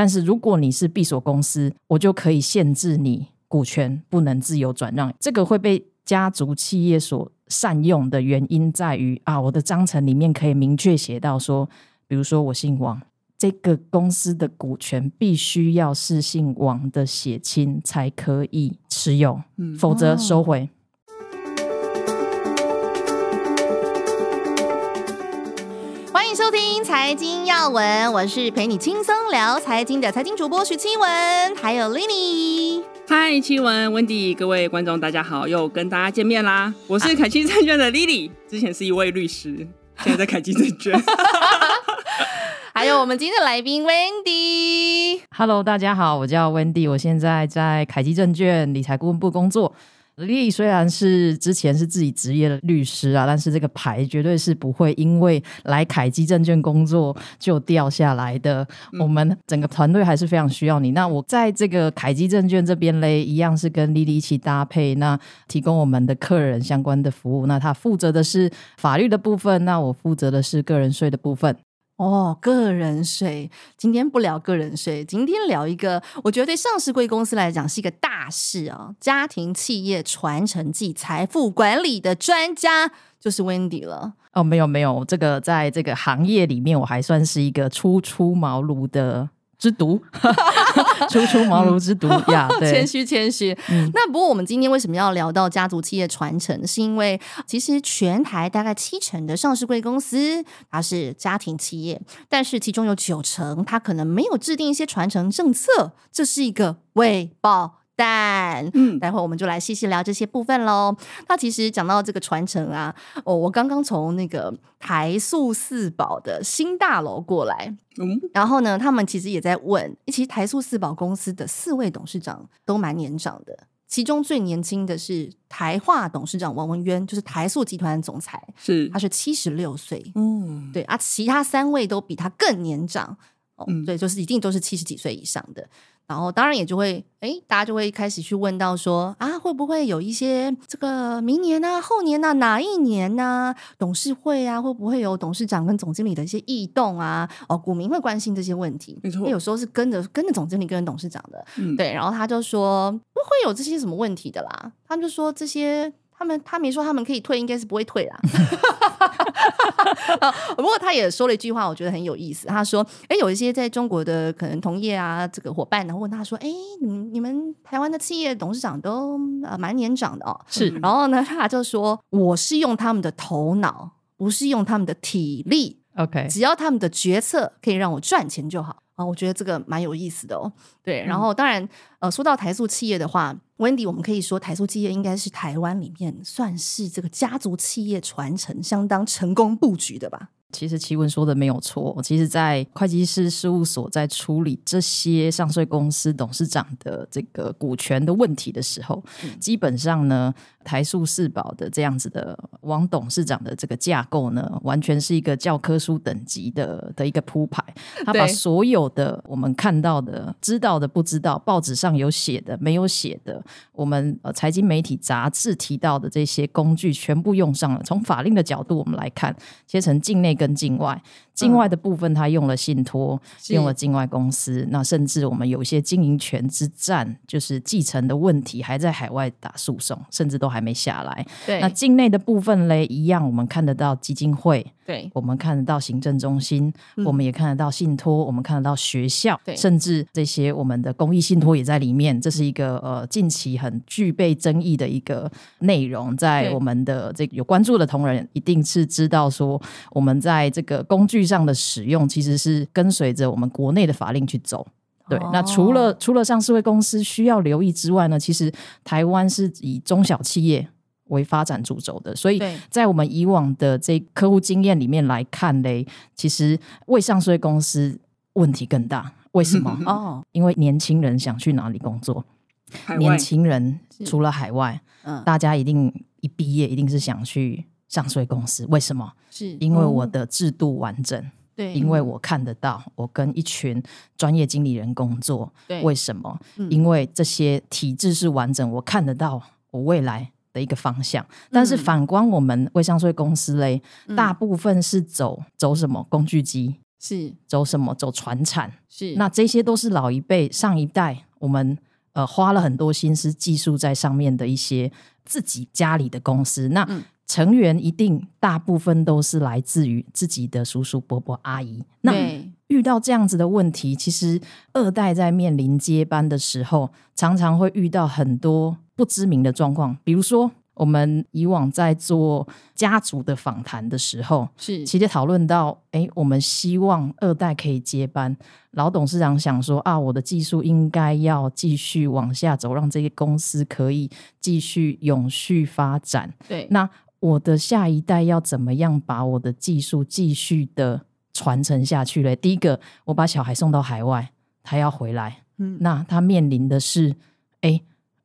但是如果你是閉鎖公司，我就可以限制你股權不能自由轉讓。這個會被家族企業所善用的原因在於啊，我的章程裡面可以明確寫到說，比如說我姓王，這個公司的股權必須要是姓王的血親才可以持有，否則收回。財經要聞，我是陪你輕鬆聊財經的財經主播許娸雯，還有 Lily。嗨，娸雯、Wendy，各位觀眾大家好，又跟大家見面啦！我是凱基證券的 Lily，啊，之前是一位律師，現在在凱基證券。還有我們今天的來賓 Wendy。Hello，大家好，我叫 Wendy，我現在在凱基證券理財顧問部工作。麗麗雖然是之前是自己職業的律師啊，但是這個牌絕對是不會因為來凱基證券工作就掉下來的。嗯、我們整個團隊還是非常需要你。那我在這個凱基證券這邊嘞，一樣是跟麗麗一起搭配，那提供我們的客人相關的服務。那他負責的是法律的部分，那我負責的是個人稅的部分。哦，個人稅，今天不聊個人稅，今天聊一個，我覺得對上市櫃公司來講是一個大事哦、啊，家庭企業傳承及財富管理的專家就是 Wendy 了。哦，沒有沒有，這個在這個行業裡面，我還算是一個初出茅廬的之徒。 初出茅廬之毒，一樣， 謙虛謙虛。嗯、那不過我們今天為什麼要聊到家族企業傳承？是因為其實全台大概七成的上市櫃公司它是家庭企業，但是其中有九成它可能沒有制定一些傳承政策，這是一個未爆。但嗯，待會我們就來細細聊這些部分嘍。嗯、那其實講到這個傳承啊，哦，我剛剛從那個台塑四寶的新大樓過來，嗯、然後呢，他們其實也在問，其實台塑四寶公司的四位董事長都蠻年長的，其中最年輕的是台化董事長王文淵，就是台塑集團總裁，是他是七十六歲，嗯，對啊，其他三位都比他更年長，哦、嗯，對，就是一定都是七十幾歲以上的。然後當然也就會誒，大家就會開始去問到說啊，會不會有一些這個明年啊、後年啊、哪一年啊、董事會啊，會不會有董事長跟總經理的一些異動啊？哦，股民會關心這些問題。沒錯。有時候是跟着跟着總經理、跟着董事長的。嗯、對。然後他就說不會有這些什麼問題的啦，他就說這些。他們他沒說他們可以退，應該是不會退啦。 不過他也說了一句話，我覺得很有意思。他說：“誒有一些在中國的可能同業啊，這個夥伴，然後問他說：‘哎，你們你們台灣的企業董事長都啊、呃、蠻年長的哦。是’是、嗯，然後呢他就說：‘我是用他們的頭腦，不是用他們的體力。’OK，只要他們的決策可以讓我賺錢就好。啊、哦，我覺得這個蠻有意思的哦。對，然後當然、嗯、呃，說到台塑企業的話。”溫迪，Wendy，我們可以說台塑企業應該是台灣裡面算是這個家族企業傳承相當成功佈局的吧。其實娸雯說的沒有錯。其實，在會計師事務所在處理這些上市公司董事長的這個股權的問題的時候，嗯、基本上呢，台塑、四寶的這樣子的王董事長的這個架構呢，完全是一個教科書等級的的一個鋪排。他把所有的我們看到的、對知道的、不知道、報紙上有寫的、沒有寫的，我們呃財經媒體、雜誌提到的這些工具，全部用上了。從法令的角度，我們來看，切成境內。跟境外境外的部分，他用了信托，用了境外公司。那甚至我們有些經營權之戰，就是繼承的問題，還在海外打訴訟，甚至都還沒下來。對，那境內的部分嘞，一樣，我們看得到基金會，對我們看得到行政中心，我們也看得到信托，我們看得到學校，對，甚至這些我們的公益信托也在裡面。這是一個呃近期很具備爭議的一個內容，在我們的這個有關注的同仁一定是知道說我們在。在這個工具上的使用，其實是跟隨着我們國內的法令去走。對，哦、那除了除了上市櫃公司需要留意之外呢，其實台灣是以中小企業為發展主軸的，所以在我們以往的這客戶經驗裡面來看呢，其實未上市櫃公司問題更大。為什麼？嗯、哼哼哦，因為年輕人想去哪裡工作？外年輕人是除了海外，嗯、大家一定一畢業一定是想去。上市公司為什麼？是、嗯、因為我的制度完整，對，嗯、因為我看得到，我跟一群專業經理人工作，對，為什麼？嗯、因為這些體制是完整，我看得到我未來的一個方向。嗯、但是反觀我們未上市公司嘞，嗯、大部分是走走什麼工具機，是走什麼走傳產，是那這些都是老一輩上一代我們呃花了很多心思技術在上面的一些自己家裡的公司，那。嗯成員一定大部分都是來自於自己的叔叔伯伯阿姨。那對遇到這樣子的問題，其實二代在面臨接班的時候，常常會遇到很多不知名的狀況。比如說，我們以往在做家族的訪談的時候，是直接討論到：哎、欸，我們希望二代可以接班。老董事長想說：啊，我的技術應該要繼續往下走，讓這些公司可以繼續永續發展。對，那。我的下一代要怎麼樣把我的技術繼續的傳承下去嘞、欸？第一個，我把小孩送到海外，他要回來，嗯、那他面臨的是，哎、欸，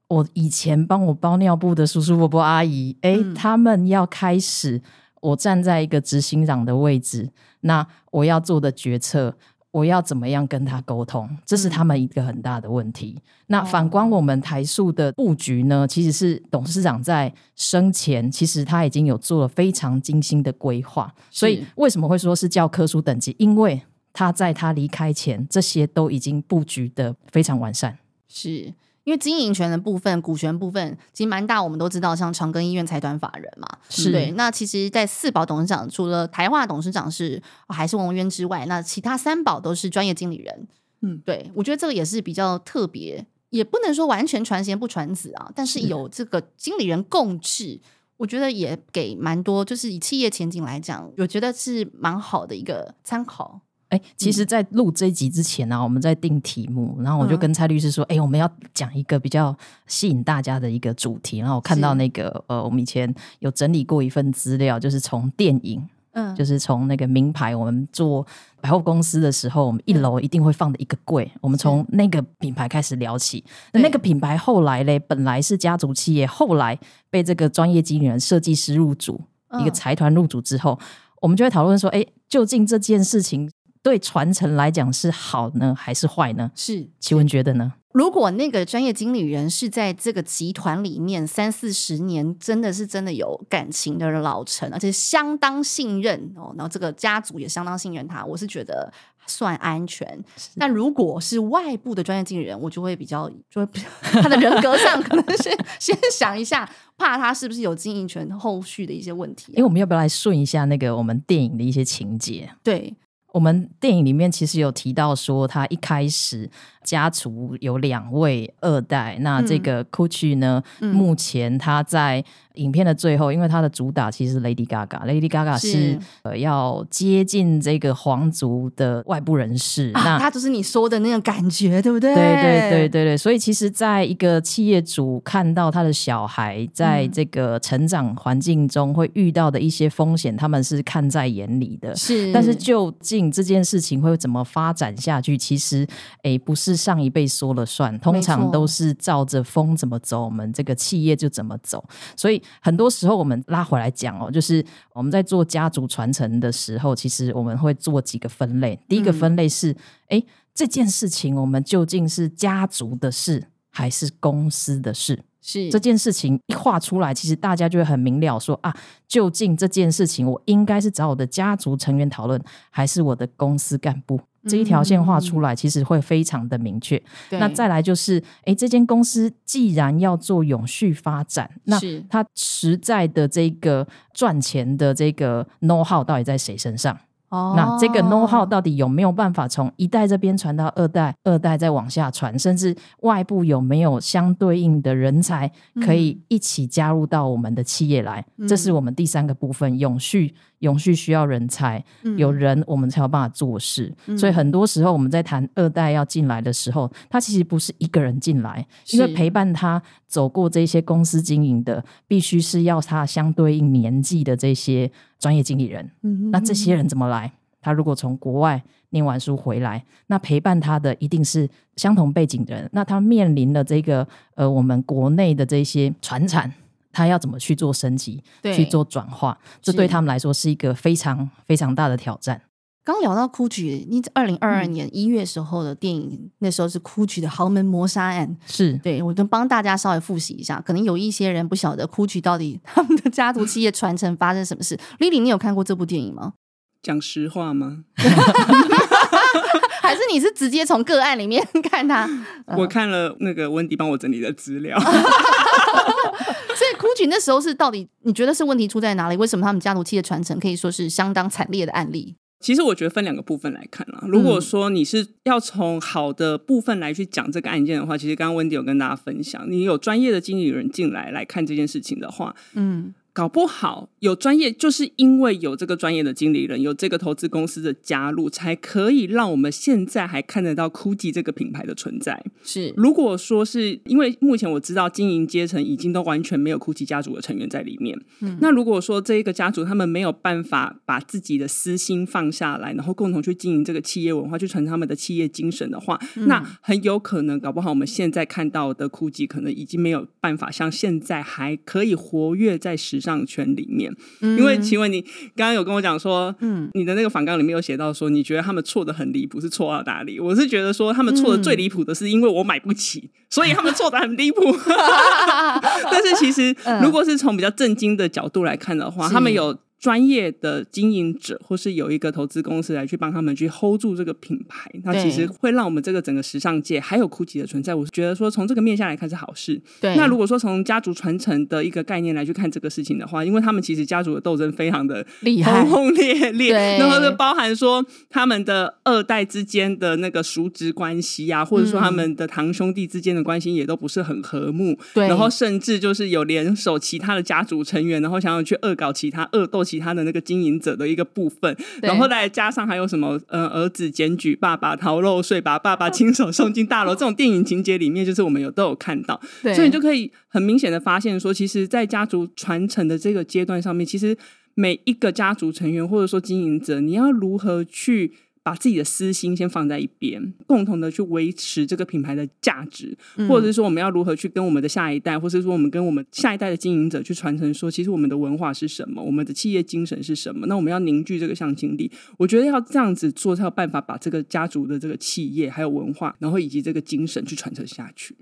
我以前幫我包尿布的叔叔伯伯阿姨，哎、欸，嗯、他們要開始，我站在一個執行長的位置，那我要做的決策。我要怎麼樣跟他溝通？這是他們一個很大的問題。嗯、那反觀我們台塑的布局呢？其實是董事長在生前，其實他已經有做了非常精心的規劃。是所以為什麼會說是教科書等級？因為他在他離開前，這些都已經布局得非常完善。是。因為經營權的部分，股權部分其實蠻大，我們都知道，像長庚醫院財團法人嘛，是對。那其實，在四寶董事長除了台化董事長是、哦、還是王文淵之外，那其他三寶都是專業經理人。嗯，對，我覺得這個也是比較特別，也不能說完全傳賢不傳子啊，但是有這個經理人共治，是我覺得也給蠻多，就是以企業前景來講，我覺得是蠻好的一個參考。哎、欸，其實，在錄這一集之前呢、啊，嗯、我們在定題目，然後我就跟蔡律師說：“哎、嗯欸，我們要講一個比較吸引大家的一個主題。”然後我看到那個是呃，我們以前有整理過一份資料，就是從電影，嗯，就是從那個名牌，我們做百貨公司的時候，我們一樓一定會放的一個櫃，嗯、我們從那個品牌開始聊起。是那個品牌後來嘞，本來是家族企業，對後來被這個專業經理人設計師入主，嗯、一個財團入主之後，我們就會討論說：“哎、欸，究竟這件事情。”對傳承來講是好呢，還是壞呢？是娸雯覺得呢？如果那個專業經理人是在這個集團裡面三四十年，真的是真的有感情的老臣，而且相當信任哦，然後這個家族也相當信任他，我是覺得算安全。是但如果是外部的專業經理人，我就會比較就會比較他的人格上，可能是 先想一下，怕他是不是有經營權後續的一些問題。因為我們要不要來順一下那個我們電影的一些情節？對。我們電影裡面其實有提到說，他一開始。家族有兩位二代，那這個 Gucci 呢？嗯、目前他在影片的最後，嗯、因為他的主打其實是 Gaga, Lady Gaga，Lady Gaga 是，是呃要接近這個皇族的外部人士，啊、那他就是你說的那種感覺，對不對？對對對對對。所以其實，在一個企業主看到他的小孩在這個成長環境中會遇到的一些風險，他們是看在眼裡的。是，但是究竟這件事情會怎麼發展下去？其實，哎，不是。上一輩說了算，通常都是照着風怎麼走，我們這個企業就怎麼走。沒錯。所以很多時候我們拉回來講哦，就是我們在做家族傳承的時候，其實我們會做幾個分類。嗯，第一個分類是，哎，這件事情我們究竟是家族的事還是公司的事？是這件事情一畫出來，其實大家就會很明了，說啊，究竟這件事情我應該是找我的家族成員討論，還是我的公司幹部？這一條線畫出來，其實會非常的明確。嗯、那再來就是，哎對，這間公司既然要做永續發展，是那它實在的這個賺錢的這個 know-how 到底在誰身上？哦、那這個 know-how 到底有沒有辦法從一代這邊傳到二代？二代再往下傳，甚至外部有沒有相對應的人才可以一起加入到我們的企業來？嗯、這是我們第三個部分：永續。永續需要人才，有人我們才有辦法做事。所以很多時候我們在談二代要進來的時候，他其實不是一個人進來，因為陪伴他走過這些公司經營的，必須是要他相對應年紀的這些專業經理人。那這些人怎麼來？他如果從國外念完書回來，那陪伴他的一定是相同背景的人。那他面臨了這個呃，我們國內的這些傳產。他要怎麼去做升級，對去做轉化？這是對他們來說是一個非常非常大的挑戰。剛聊到《古馳》，你二零二二年一月時候的電影，嗯、那時候是《古馳》的豪門謀殺案。是，對，我都幫大家稍微複習一下，可能有一些人不曉得古馳到底他們的家族企業傳承發生什麼事。Lily， 你有看過這部電影嗎？講實話嗎？ 還是你是直接從個案裡面看他？我看了那個 Wendy 幫我整理的資料。 古馳那時候是到底你覺得是問題出在哪裡？為什麼他們家族企業的傳承可以說是相當慘烈的案例？其實我覺得分兩個部分來看啊。如果說你是要從好的部分來去講這個案件的話，嗯、其實剛剛溫迪有跟大家分享，你有專業的經理人進來來看這件事情的話，嗯。搞不好有專業，就是因為有這個專業的經理人，有這個投資公司的加入，才可以讓我們現在還看得到 Gucci 這個品牌的存在。是，如果說是因為目前我知道經營階層已經都完全沒有 Gucci 家族的成員在裡面，嗯，那如果說這一個家族他們沒有辦法把自己的私心放下來，然後共同去經營這個企業文化，去傳承他們的企業精神的話，嗯、那很有可能搞不好我們現在看到的 Gucci 可能已經沒有辦法像現在還可以活躍在時。上圈裡面，因為請問你剛剛有跟我講說，嗯，你的那個訪綱裡面有寫到說，你覺得他們錯得很離譜，是錯到哪裡？我是覺得說他們錯得最離譜的是因為我買不起，嗯、所以他們錯得很離譜。 但是其實如果是從比較正經的角度來看的話，是他們有。專業的經營者，或是有一個投資公司來去幫他們去 hold 住這個品牌，那其實會讓我們這個整個時尚界還有 Gucci 的存在，我是覺得說從這個面下來看是好事。對。那如果說從家族傳承的一個概念來去看這個事情的話，因為他們其實家族的鬥爭非常的厲害，轟轟烈烈，然後就包含說他們的二代之間的那個叔侄關係呀、啊，或者說他們的堂兄弟之間的關係也都不是很和睦，對。然後甚至就是有聯手其他的家族成員，然後想要去惡搞其他惡鬥。其他。其他的那個經營者的一個部分，對然後再加上還有什麼呃，兒子檢舉爸爸逃漏稅，把爸爸親手送進大樓， 這種電影情節裡面，就是我們有都有看到，對所以你就可以很明顯的發現說，其實，在家族傳承的這個階段上面，其實每一個家族成員或者說經營者，你要如何去把自己的私心先放在一邊，共同的去維持這個品牌的價值，或者是說我們要如何去跟我們的下一代，或者是說我們跟我們下一代的經營者去傳承，說其實我們的文化是什麼，我們的企業精神是什麼？那我們要凝聚這個向心力。我覺得要這樣子做才有辦法把這個家族的這個企業還有文化，然後以及這個精神去傳承下去。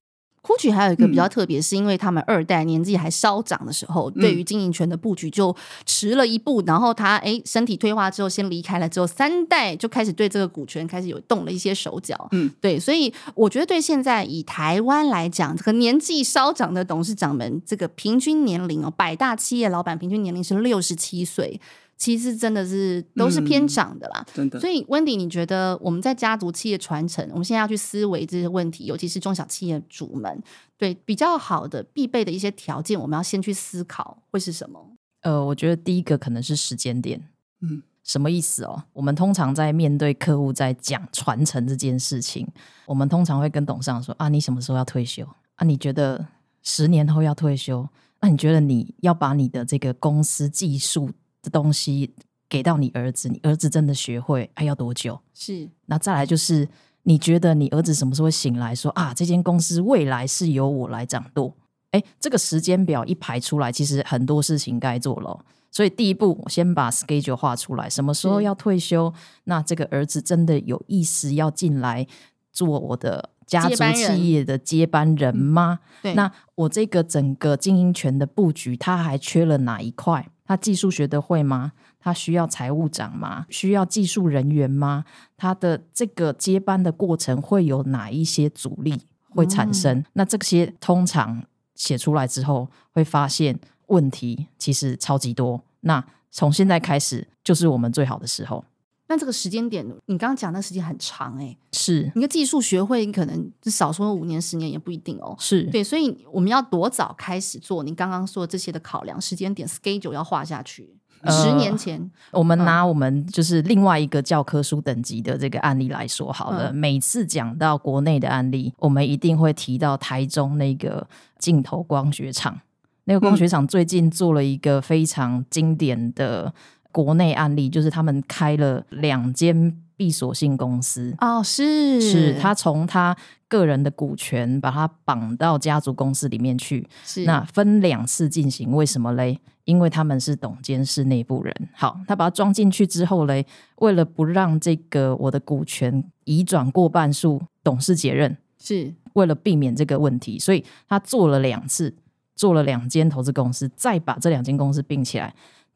古馳還有一個比較特別，嗯、是因為他們二代年紀還稍長的時候，嗯、對於經營權的布局就遲了一步。然後他哎、欸、身體退化之後先離開了，之後三代就開始對這個股權開始有動了一些手腳。嗯，對，所以我覺得對現在以台灣來講，這個年紀稍長的董事長們，這個平均年齡哦、喔，百大企業老闆平均年齡是六十七歲。其實真的是都是偏漲的啦、嗯，真的。所以，Wendy，你覺得我們在家族企業傳承，我們現在要去思維這些問題，尤其是中小企業主們，對比較好的必備的一些條件，我們要先去思考會是什麼？呃，我覺得第一個可能是時間點。嗯，什麼意思哦？我們通常在面對客戶在講傳承這件事情，我們通常會跟董事長說啊，你什麼時候要退休？啊，你覺得十年後要退休？那、啊、你覺得你要把你的這個公司技術？這東西給到你兒子，你兒子真的學會還、哎、要多久？是，那再來就是你覺得你兒子什麼時候會醒來說啊，這間公司未來是由我來掌舵？哎，這個時間表一排出來，其實很多事情該做了、哦。所以第一步，我先把 schedule 畫出來，什麼時候要退休？是那這個兒子真的有意思要進來做我的家族企業的接班人嗎？人嗯、對，那我這個整個經營權的布局，他還缺了哪一塊？他技術學得會嗎？他需要財務長嗎？需要技術人員嗎？他的這個接班的過程會有哪一些阻力會產生？嗯、那這些通常寫出來之後，會發現問題其實超級多。那從現在開始就是我們最好的時候。那這個時間點，你剛剛講的時間很長、欸、是你的技術學會，你可能少說五年十年也不一定哦。是對，所以我們要多早開始做，你剛剛說這些的考量時間點，schedule 要畫下去。呃、十年前，我們拿我們就是另外一個教科書等級的這個案例來說好了。嗯、每次講到國內的案例，我們一定會提到台中那個鏡頭光學廠，那個光學廠最近做了一個非常經典的、嗯。國內案例就是他們開了兩間閉鎖性公司哦，是是，他從他個人的股權把它綁到家族公司裡面去，是那分兩次進行，為什麼嘞？因為他們是董監事內部人，好，他把它裝進去之後嘞，為了不讓這個我的股權移轉過半數董事解任，是為了避免這個問題，所以他做了兩次，做了兩間投資公司，再把這兩間公司併起來。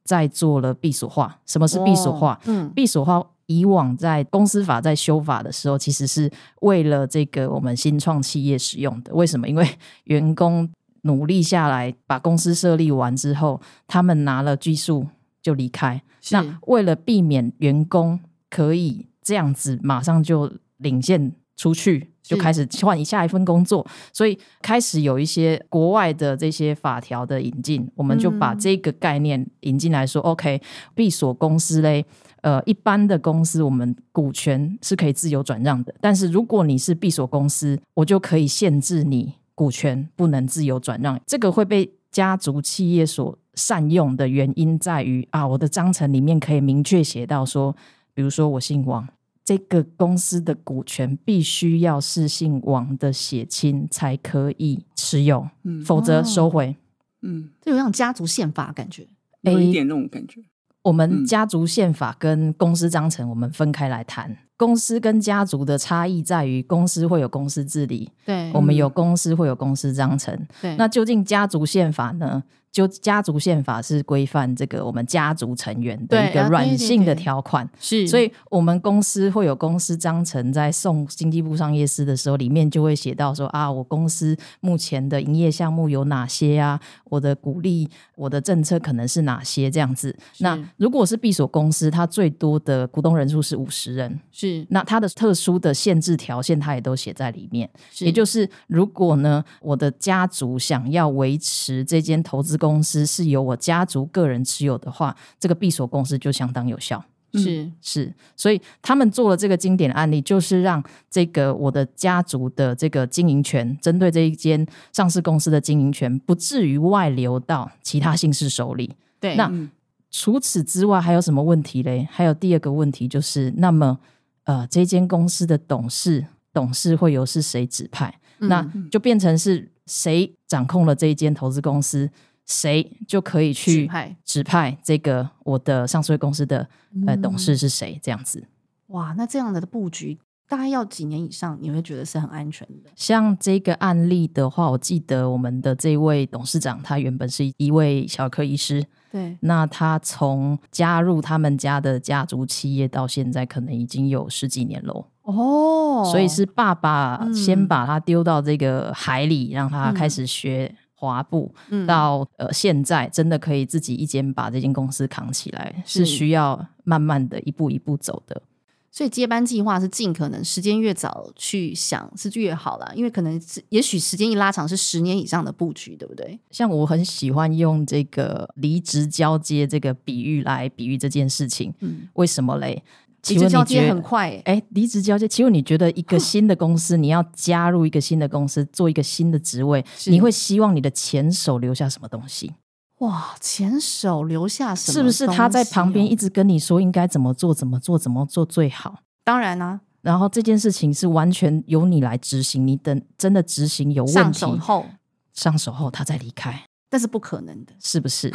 在做了閉鎖化，什麼是閉鎖化哦？嗯，閉鎖化以往在公司法在修法的時候，其實是為了這個我們新創企業使用的。為什麼？因為員工努力下來把公司設立完之後，他們拿了技術就離開。是那為了避免員工可以這樣子馬上就領現，出去就開始換下一份工作，是所以開始有一些國外的這些法條的引進，我們就把這個概念引進來說。嗯、OK，閉鎖公司嘞，呃，一般的公司我們股權是可以自由轉讓的，但是如果你是閉鎖公司，我就可以限制你股權不能自由轉讓。這個會被家族企業所善用的原因在於啊，我的章程裡面可以明確寫到說，比如說我姓王。這個公司的股權必須要是姓王的血親才可以持有，嗯、否則收回，嗯，這有像家族憲法的感覺，有一點那種感覺。A, 我們家族憲法跟公司章程我們分開來談，嗯、公司跟家族的差異在於公司會有公司治理，對，我們有公司會有公司章程，對。那究竟家族憲法呢？就家族憲法是規範這個我們家族成員的一個軟性的條款、啊，是，所以我們公司會有公司章程，在送經濟部商業司的時候，裡面就會寫到說啊，我公司目前的營業項目有哪些啊？我的鼓勵，我的政策可能是哪些這樣子？是那如果是閉鎖公司，它最多的股東人數是五十人，是，那它的特殊的限制條件，它也都寫在裡面，是也就是如果呢，我的家族想要維持這間投資公公司是由我家族個人持有的話，這個閉鎖公司就相當有效。是、嗯、是，所以他們做了這個經典案例，就是讓這個我的家族的這個經營權，針對這一間上市公司的經營權，不至於外流到其他姓氏手裡。對，那、嗯、除此之外還有什麼問題嘞？還有第二個問題就是，那麼呃，這間公司的董事董事會由是誰指派？嗯、那、嗯、就變成是誰掌控了這一間投資公司？誰就可以去指派這個我的上市公司的呃董事是誰？這樣子。哇，那這樣的布局大概要幾年以上，你會覺得是很安全的？像這個案例的話，我記得我們的這位董事長，他原本是一位小兒科醫師。對，那他從加入他們家的家族企業到現在，可能已經有十幾年了。哦，所以是爸爸先把他丟到這個海裡，讓他開始學。滑步到呃，現在真的可以自己一間把這間公司扛起來，嗯、是需要慢慢的一步一步走的。所以接班計劃是盡可能時間越早去想是越好了，因為可能是也許時間一拉長是十年以上的布局，對不對？像我很喜歡用這個離職交接這個比喻來比喻這件事情，嗯、為什麼嘞？離職交接很快、欸，哎、欸，離職交接。其實你覺得一個新的公司，哼你要加入一個新的公司，做一個新的職位，是你會希望你的前手留下什麼東西？哇，前手留下什麼東西、哦、是不是他在旁邊一直跟你說應該怎麼做，怎麼做，怎麼做最好？當然啦、啊，然後這件事情是完全由你來執行，你等真的執行有問題上手後，上手後他再離開。但是不可能的，是不是？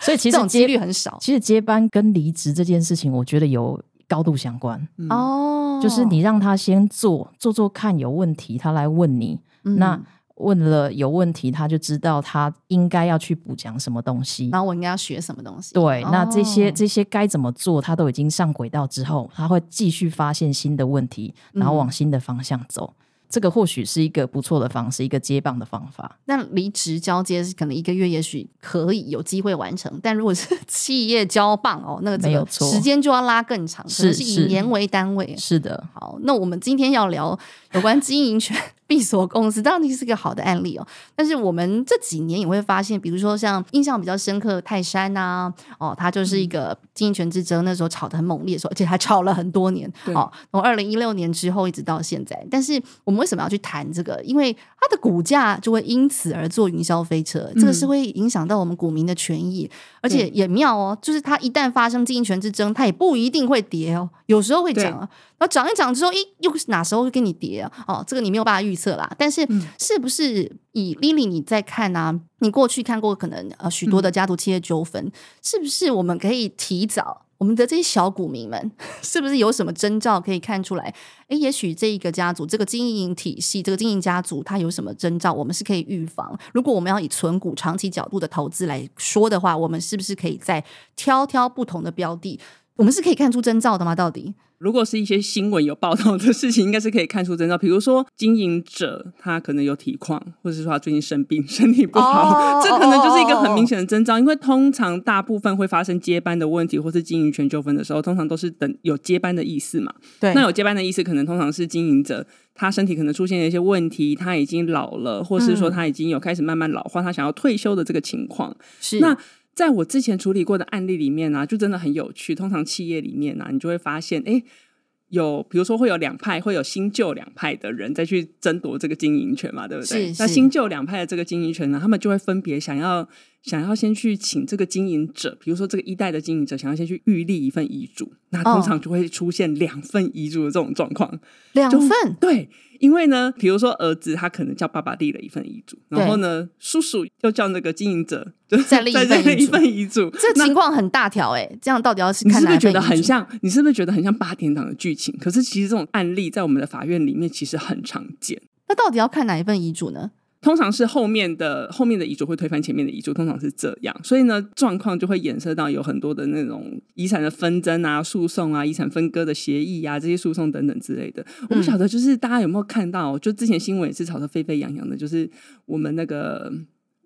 所以其實這種幾率很少。其實接班跟離職這件事情，我覺得有高度相關。哦，就是你讓他先做做做看，有問題他來問你。嗯、那問了有問題，他就知道他應該要去補講什麼東西，然後我應該要學什麼東西。對，哦、那這些這些該怎麼做，他都已經上軌道之後，他會繼續發現新的問題，然後往新的方向走。嗯嗯這個或許是一個不錯的方式，一個接棒的方法。那離職交接是可能一個月，也許可以有機會完成。但如果是企業交棒哦，那個沒有錯，時間就要拉更長，可能是以年為單位。是，是，是的，好，那我們今天要聊有關經營權。 力所公司當然是一個好的案例哦。但是我們這幾年也會發現，比如說像印象比較深刻的泰山吶、啊，哦，它就是一個經營權之爭，那時候炒得很猛烈的時候，而且還炒了很多年。對哦，從二零一六年之後一直到現在。但是我們為什麼要去談這個？因為它的股價就會因此而坐雲霄飛車，這個是會影響到我們股民的權益。而且也妙哦，就是它一旦發生經營權之爭，它也不一定會跌哦，有時候會漲啊。那漲一漲之後，又是哪時候會給你跌啊？哦，這個你沒有辦法預測啦。但是，是不是以 Lily 你在看啊？你過去看過可能呃，許多的家族企業糾紛，嗯、是不是我們可以提早？我們的這些小股民們，是不是有什麼徵兆可以看出來？哎，也許這一個家族、這個經營體系、這個經營家族，它有什麼徵兆？我們是可以預防。如果我們要以存股長期角度的投資來說的話，我們是不是可以再挑挑不同的標的？我們是可以看出徵兆的嗎？到底？如果是一些新聞有報道的事情，應該是可以看出徵兆。比如說，經營者他可能有體況，或者是說他最近生病，身體不好，oh, 這可能就是一個很明顯的徵兆。Oh. 因為通常大部分會發生接班的問題，或是經營權糾紛的時候，通常都是等有接班的意思嘛。對，那有接班的意思，可能通常是經營者他身體可能出現了一些問題，他已經老了，或是說他已經有開始慢慢老化，嗯、他想要退休的這個情況。是那在我之前處理過的案例裡面呢、啊，就真的很有趣。通常企業裡面呢、啊，你就會發現，哎、欸，有比如說會有兩派，會有新舊兩派的人再去爭奪這個經營權嘛，對不對？那新舊兩派的這個經營權呢，他們就會分別想要想要先去請這個經營者，比如說這個一代的經營者，想要先去預立一份遺囑，那通常就會出現兩份遺囑的這種狀況，哦、兩份，對。因為呢，比如說兒子他可能叫爸爸立了一份遺囑。對然後呢，叔叔又叫那個經營者再立一份遺囑， 再立一份遺囑這情況很大條哎、欸，那這樣到底要是看哪一份遺囑？你是不是覺得很像？你是不是覺得很像八點檔的劇情？可是其實這種案例在我們的法院裡面其實很常見。那到底要看哪一份遺囑呢？通常是後面的後面的遺囑會推翻前面的遺囑，通常是這樣，所以呢，狀況就會衍生到有很多的那種遺產的紛爭啊、訴訟啊、遺產分割的協議啊這些訴訟等等之類的。嗯、我不曉得，就是大家有沒有看到，就之前新聞也是吵得沸沸揚揚的，就是我們那個。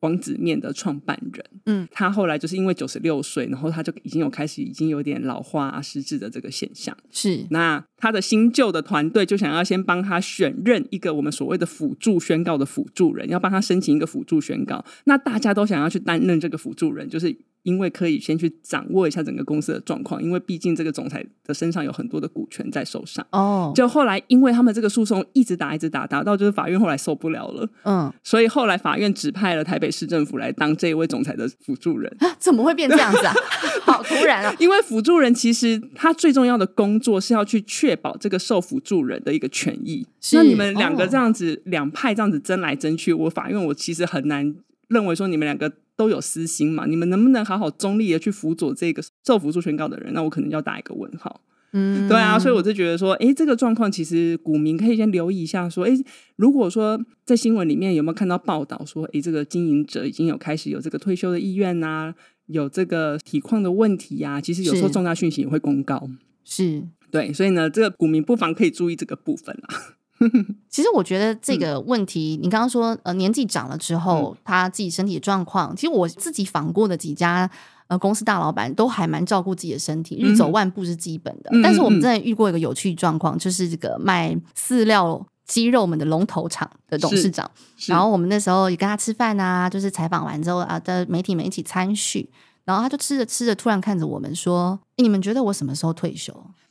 王子麵的創辦人，嗯，他後來就是因為九十六歲，然後他就已經有開始，已經有點老化啊，失智的這個現象。是，那他的新舊的團隊就想要先幫他選任一個我們所謂的輔助宣告的輔助人，要幫他申請一個輔助宣告。那大家都想要去擔任這個輔助人，就是。因為可以先去掌握一下整個公司的狀況，因為畢竟這個總裁的身上有很多的股權在手上。哦。就後來，因為他們這個訴訟一,一直打，一直打，打到就是法院後來受不了了。嗯。所以後來法院指派了台北市政府來當這一位總裁的輔助人。怎麼會變這樣子啊？ 好突然啊！因為輔助人其實他最重要的工作是要去確保這個受輔助人的一個權益。是那你們兩個這樣子兩、哦、派這樣子爭來爭去，我法院我其實很難認為說你們兩個。都有私心嘛？你們能不能好好中立的去輔佐這個受輔助宣告的人？那我可能要打一個問號。嗯，對啊，所以我就覺得說，誒、欸，這個狀況其實股民可以先留意一下。說，誒、欸，如果說在新聞裡面有沒有看到報道說，誒、欸，這個經營者已經有開始有這個退休的意願啊，有這個體況的問題啊，其實有時候重大訊息也會公告。是，是對，所以呢，這個股民不妨可以注意這個部分啦。 其實我覺得這個問題，嗯、你剛剛說呃，年紀長了之後，嗯、他自己身體的狀況，其實我自己訪過的幾家呃公司大老闆都還蠻照顧自己的身體，嗯、走萬步是基本的。嗯、但是我們真的遇過一個有趣的狀況，嗯、就是這個賣飼料雞肉們的龍頭廠的董事長，然後我們那時候也跟他吃飯啊，就是採訪完之後啊，的媒體們一起餐敘，然後他就吃着吃着，突然看着我們說、欸：“你們覺得我什麼時候退休？”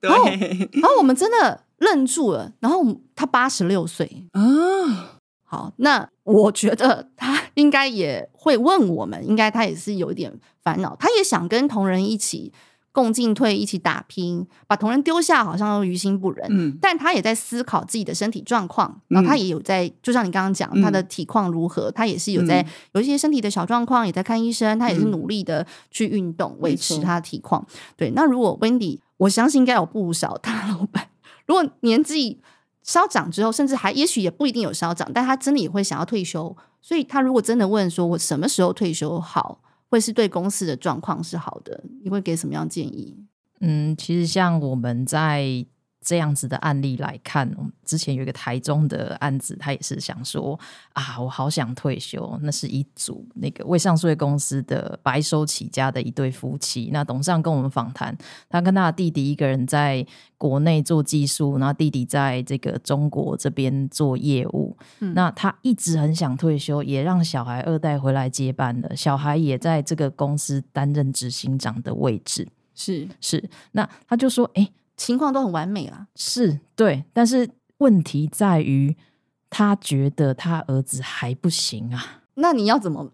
對然後，然後我們真的。愣住了，然後他八十六歲啊。哦、好，那我覺得他應該也會問我們，應該他也是有一點煩惱，他也想跟同仁一起共進退，一起打拼，把同仁丟下好像都於心不忍。嗯、但他也在思考自己的身體狀況，嗯、然後他也有在，就像你剛剛講，嗯、他的體況如何，他也是有在有一些身體的小狀況，嗯、也在看醫生，他也是努力的去運動、嗯、維持他的體況。沒錯。對，那如果 Wendy，我相信應該有不少大老闆。如果年紀稍長之後，甚至還也許也不一定有稍長，但他真的也會想要退休。所以他如果真的問說，我什麼時候退休好，會是對公司的狀況是好的，你會給什麼樣建議？嗯，其實像我們在。這樣子的案例來看，之前有一個台中的案子，他也是想說啊，我好想退休。那是一組那個未上市公司的白手起家的一對夫妻。那董事長跟我們訪談，他跟他的弟弟一個人在國內做技術，然後弟弟在這個中國這邊做業務。嗯、那他一直很想退休，也讓小孩二代回來接班了。小孩也在這個公司擔任執行長的位置。是是，那他就說，哎、欸。情況都很完美啦，是對，但是問題在於他覺得他兒子還不行啊。那你要怎麼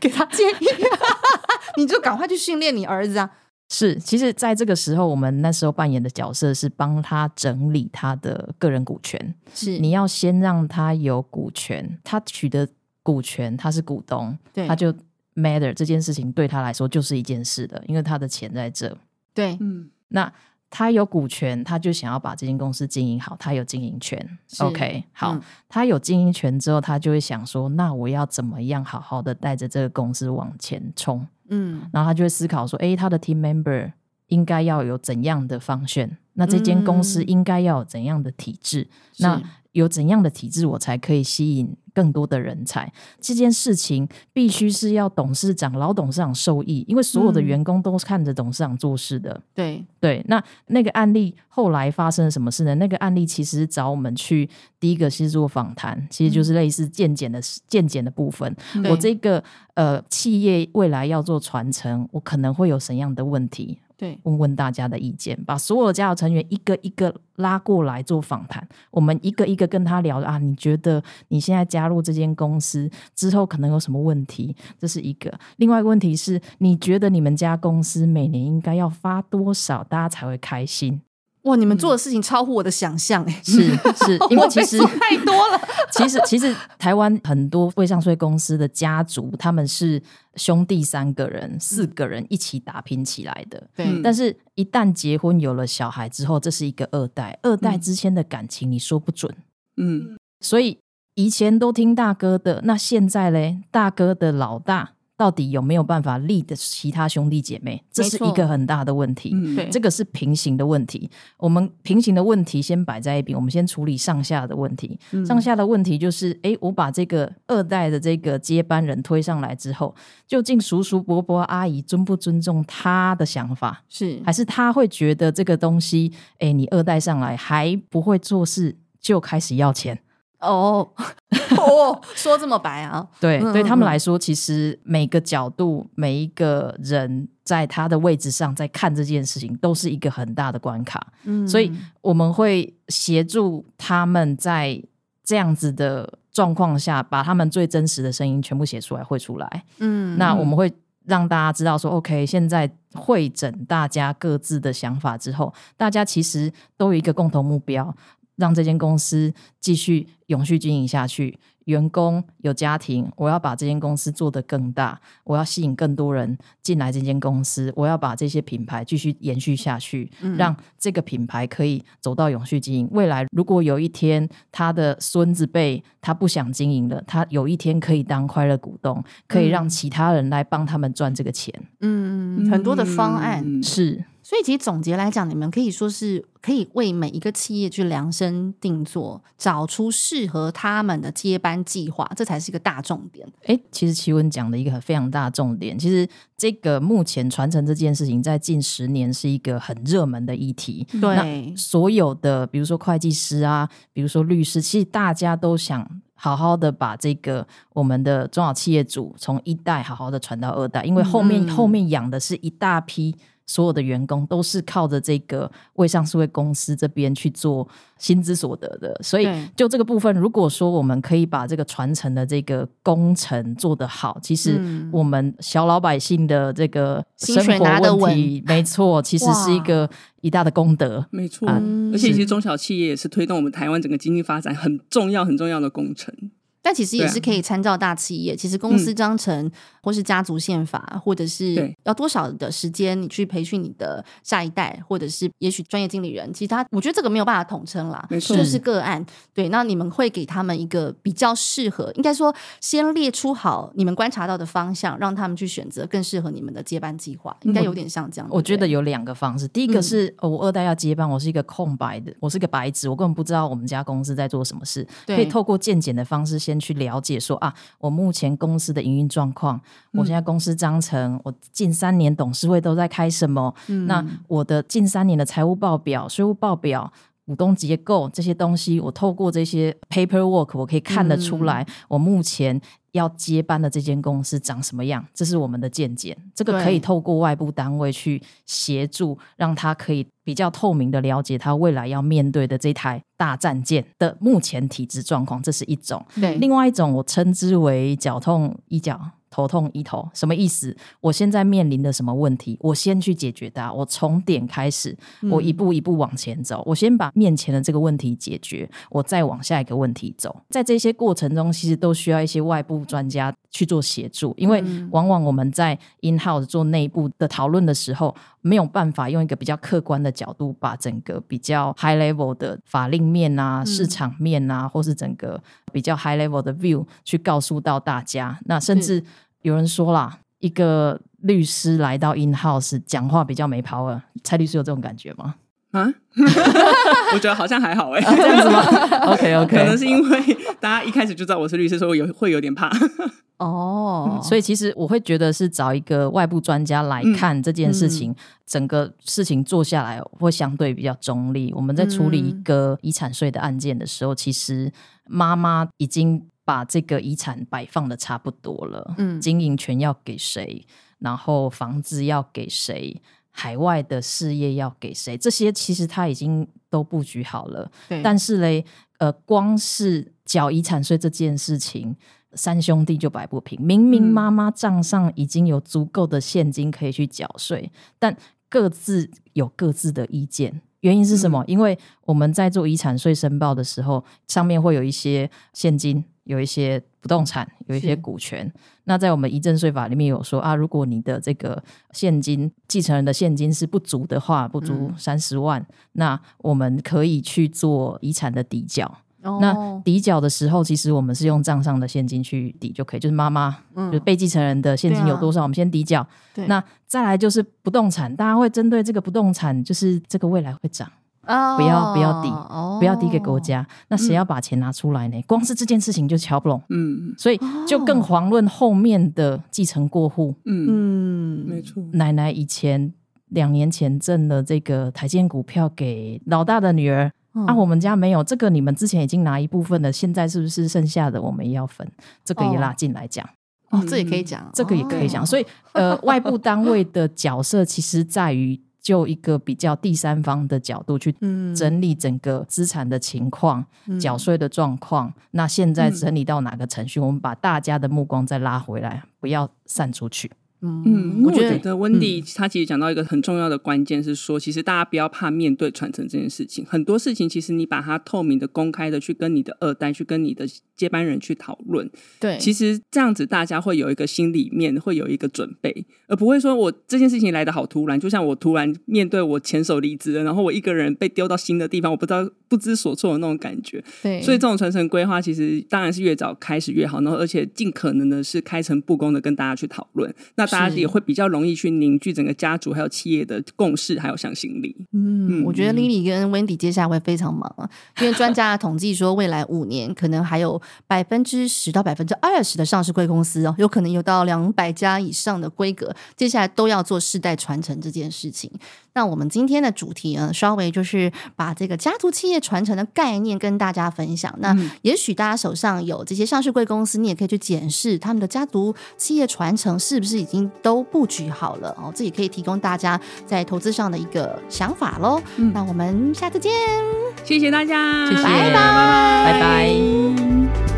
給他建議？ 你就趕快去訓練你兒子啊！是，其實，在這個時候，我們那時候扮演的角色是幫他整理他的個人股權。是，你要先讓他有股權，他取得股權，他是股東，對他就 matter，這件事情對他來說就是一件事的，因為他的錢在這。對，嗯，那。他有股權，他就想要把這間公司經營好，他有經營權。OK，好，他有經營權之後，他就會想說，那我要怎麼樣好好的帶着這個公司往前衝？嗯，然後他就會思考說，哎，他的 team member 應該要有怎樣的方向？那這間公司應該要有怎樣的體制？嗯、那有怎樣的體制，我才可以吸引更多的人才？這件事情必須是要董事長、老董事長授意，因為所有的員工都是看着董事長做事的。嗯、對對，那那個案例後來發生了什麼事呢？那個案例其實找我們去第一個是做訪談，其實就是類似健檢的健檢、嗯、的部分。對我這個呃企業未來要做傳承，我可能會有怎樣的問題？對，問問大家的意見，把所有的家族成員，一個一個拉過來做訪談。我們一個一個跟他聊啊，你覺得你現在加入這間公司之後可能有什麼問題？這是一個。另外一個問題是，你覺得你們家公司每年應該要發多少，大家才會開心？哇！你們做的事情超乎我的想象、欸，是是，因為其實太多了。 其實其實，台灣很多未上市公司的家族，他們是兄弟三個人、嗯、四個人一起打拼起來的。對、嗯，但是一旦結婚有了小孩之後，這是一個二代，二代之間的感情、嗯、你說不準。嗯，所以以前都聽大哥的，那現在嘞，大哥的老大。到底有沒有辦法立的其他兄弟姐妹？這是一個很大的問題。嗯，對，這個是平行的問題。我們平行的問題先擺在一邊，我們先處理上下的問題。嗯，上下的問題就是，哎，我把這個二代的這個接班人推上來之後，究竟叔叔伯伯阿姨尊不尊重他的想法？是，還是他會覺得這個東西，哎，你二代上來還不會做事就開始要錢？嗯哦哦，說這麼白啊？對，嗯嗯嗯對他們來說，其實每個角度、每一個人在他的位置上在看這件事情，都是一個很大的關卡。嗯，所以我們會協助他們在這樣子的狀況下，把他們最真實的聲音全部寫出來、彙出來。嗯，那我們會讓大家知道說，說、嗯、OK，現在彙整大家各自的想法之後，大家其實都有一個共同目標。讓這間公司繼續永續經營下去，員工有家庭，我要把這間公司做得更大，我要吸引更多人進來這間公司，我要把這些品牌繼續延續下去，嗯、讓這個品牌可以走到永續經營。未來如果有一天他的孫子輩他不想經營了，他有一天可以當快樂股東，嗯、可以讓其他人來幫他們賺這個錢。嗯，很多的方案是。所以，其實總結來講，你們可以說是可以為每一個企業去量身定做，找出適合他們的接班計劃，這才是一個大重點。哎、欸，其實娸雯講的一個很非常大的重點。其實，這個目前傳承這件事情，在近十年是一個很熱門的議題。對，所有的，比如說會計師啊，比如說律師，其實大家都想好好的把這個我們的中小企業主從一代好好的傳到二代，因為後面、嗯、後面養的是一大批。所有的員工都是靠着這個未上市櫃公司這邊去做薪資所得的，所以就這個部分，如果說我們可以把這個傳承的這個工程做得好，其實我們小老百姓的這個生活問題，沒錯，其實是一個一大的功德，沒錯。而且，其實中小企業也是推動我們台灣整個經濟發展很重要、很重要的工程。但其實也是可以參照大企業，啊、其實公司章程或是家族憲法，嗯、或者是要多少的時間你去培訓你的下一代，對或者是也許專業經理人，其實我覺得這個沒有辦法統稱啦，沒錯就是個案。對，那你們會給他們一個比較適合，應該說先列出好你們觀察到的方向，讓他們去選擇更適合你們的接班計劃，應該有點像這樣。我，對對，我覺得有兩個方式，第一個是、嗯哦、我二代要接班，我是一個空白的，我是個白紙，我根本不知道我們家公司在做什麼事，對可以透過健檢的方式先。去了解說啊，我目前公司的營運狀況，嗯、我現在公司章程，我近三年董事會都在開什麼？嗯、那我的近三年的財務報表、稅務報表、股東結構這些東西，我透過這些 paperwork，我可以看得出來，嗯、我目前。要接班的這間公司長什麼樣？這是我們的見解。這個可以透過外部單位去協助，對讓他可以比較透明的了解他未來要面對的這台大戰艦的目前體質狀況。這是一種。對另外一種我稱之為腳痛醫腳頭痛醫頭。什麼意思？我現在面臨的什麼問題？我先去解決它。我從點開始，嗯、我一步一步往前走。我先把面前的這個問題解決，我再往下一個問題走。在這些過程中，其實都需要一些外部專家去做協助，因為往往我們在 in house 做內部的討論的時候，沒有辦法用一個比較客觀的角度，把整個比較 high level 的法令面啊、嗯、市場面啊，或是整個比較 high level 的 view 去告訴到大家。嗯、那甚至。有人說啦，一個律師來到 in house 講話比較沒 power。蔡律師有這種感覺嗎？啊， 我覺得好像還好哎、欸啊，這樣子嗎？OK OK，可能是因為大家一開始就知道我是律師，所以我有會有點怕。哦、oh, 嗯，所以其實我會覺得是找一個外部專家來看這件事情，嗯嗯、整個事情做下來會相對比較中立。我們在處理一個遺產稅的案件的時候，嗯、其實媽媽已經。把這個遺產擺放的差不多了，嗯，經營權要給誰，然後房子要給誰，海外的事業要給誰，這些其實他已經都布局好了。對，但是嘞，呃，光是繳遺產稅這件事情，三兄弟就擺不平。明明媽媽賬上已經有足夠的現金可以去繳稅，嗯、但各自有各自的意見。原因是什麼？嗯、因為我們在做遺產稅申報的時候，上面會有一些現金。有一些不動產，有一些股權。是那在我們遺贈稅法裡面有說啊，如果你的這個現金繼承人的現金是不足的話，不足三十萬，嗯、那我們可以去做遺產的抵繳。哦、那抵繳的時候，其實我們是用賬上的現金去抵就可以。就是媽媽，嗯、就是被繼承人的現金有多少，嗯啊、我們先抵繳。對那再來就是不動產，大家會針對這個不動產，就是這個未來會漲。不要不要抵，不要抵給國家。那誰要把錢拿出來呢？光是這件事情就喬不攏。嗯，所以就更遑論後面的繼承過戶。嗯嗯，沒錯。奶奶以前兩年前掙了這個台積股票給老大的女兒。啊，我們家沒有這個，你們之前已經拿一部分了，現在是不是剩下的我們要分？這個也拉進來講。哦，這也可以講，這個也可以講。所以，呃，外部單位的角色其實在於。就一個比較第三方的角度去整理整個資產的情況、嗯、繳稅的狀況，嗯、那現在整理到哪個程序？嗯、我們把大家的目光再拉回來，不要散出去。嗯，嗯，我覺得 Wendy 他其實講到一個很重要的關鍵，是說、嗯、其實大家不要怕面對傳承這件事情。很多事情其實你把它透明的、公開的去跟你的二代、去跟你的接班人去討論，對，其實這樣子大家會有一個心裡面會有一個準備，而不會說我這件事情來得好突然，就像我突然面對我前手離職了，然後我一個人被丟到新的地方，我不知道不知所措的那種感覺。對，所以這種傳承規劃其實當然是越早開始越好，然後而且儘可能的是開誠布公的跟大家去討論。對那。他也會比較容易去凝聚整個家族還有企業的共識，還有向心力。嗯，嗯我覺得 Lily 跟 Wendy 接下來會非常忙啊，因為專家統計說，未來五年可能還有百分之十到百分之二十的上市櫃公司哦，有可能有到兩百家以上的規格。接下來都要做世代傳承這件事情。那我們今天的主題呢，稍微就是把這個家族企業傳承的概念跟大家分享。那也許大家手上有這些上市櫃公司，你也可以去檢視他們的家族企業傳承是不是已經都佈局好了哦，這也可以提供大家在投資上的一個想法嘍。嗯、那我們下次見，謝謝大家，謝謝拜拜，拜拜。拜拜。